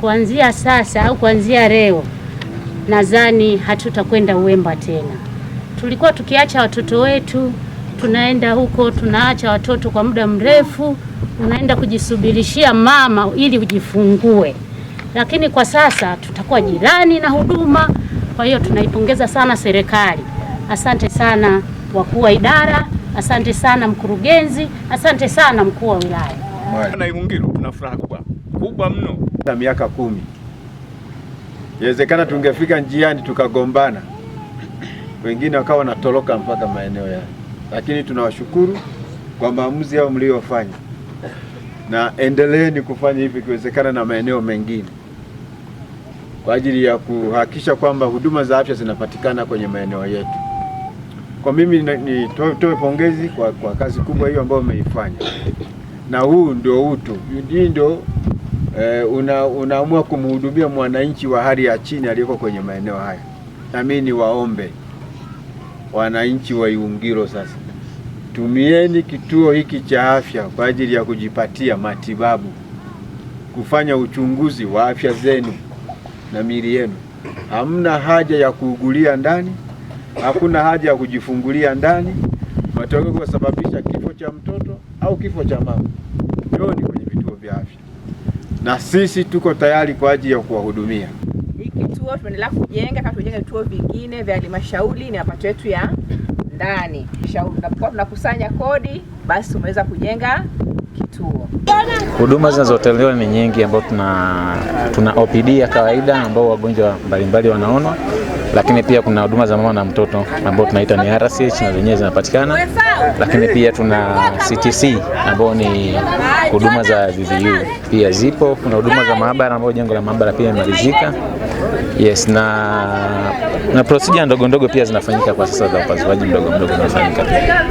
Kuanzia sasa au kuanzia leo, nadhani hatutakwenda Uwemba tena. Tulikuwa tukiacha watoto wetu tunaenda huko, tunaacha watoto kwa muda mrefu, unaenda kujisubirishia mama ili ujifungue, lakini kwa sasa tutakuwa jirani na huduma. Kwa hiyo tunaipongeza sana serikali. Asante sana wakuu wa idara, asante sana mkurugenzi, asante sana mkuu wa wilaya. Na Imungiro tuna furaha kubwa kubwa mno na miaka kumi, inawezekana tungefika njiani tukagombana, wengine wakawa wanatoroka mpaka maeneo yao, lakini tunawashukuru kwa maamuzi yao mliofanya na endeleeni kufanya hivi ikiwezekana na maeneo mengine kwa ajili ya kuhakikisha kwamba huduma za afya zinapatikana kwenye maeneo yetu. Kwa mimi nitoe pongezi kwa, kwa kazi kubwa hiyo ambayo umeifanya na huu ndio utu. Hii ndio eh, una, unaamua kumhudumia mwananchi wa hali ya chini aliyeko kwenye maeneo haya. na Nami niwaombe wananchi wa Iwungilo sasa, tumieni kituo hiki cha afya kwa ajili ya kujipatia matibabu, kufanya uchunguzi wa afya zenu na miili yenu. Hamna haja ya kuugulia ndani, hakuna haja ya kujifungulia ndani matokeo kusababisha kifo cha mtoto au kifo cha mama, ndio ni kwenye vituo vya afya, na sisi tuko tayari kwa ajili ya kuwahudumia. Hii kituo tunaendelea kujenga kama tunajenga vituo vingine vya halmashauri ni mapato yetu ya ndani. Tunapokuwa tunakusanya kodi, basi tumeweza kujenga kituo. Huduma zinazotolewa ni nyingi, ambao tuna, tuna OPD ya kawaida ambao wagonjwa mbalimbali wanaona, lakini pia kuna huduma za mama na mtoto ambao tunaita ni RCH na zenyewe zinapatikana, lakini pia tuna CTC ambao ni huduma za VVU pia zipo. Kuna huduma za maabara ambao jengo la maabara pia imalizika. Yes, na na procedure ndogo ndogo pia zinafanyika kwa sasa za upasuaji mdogo mdogo zinafanyika pia.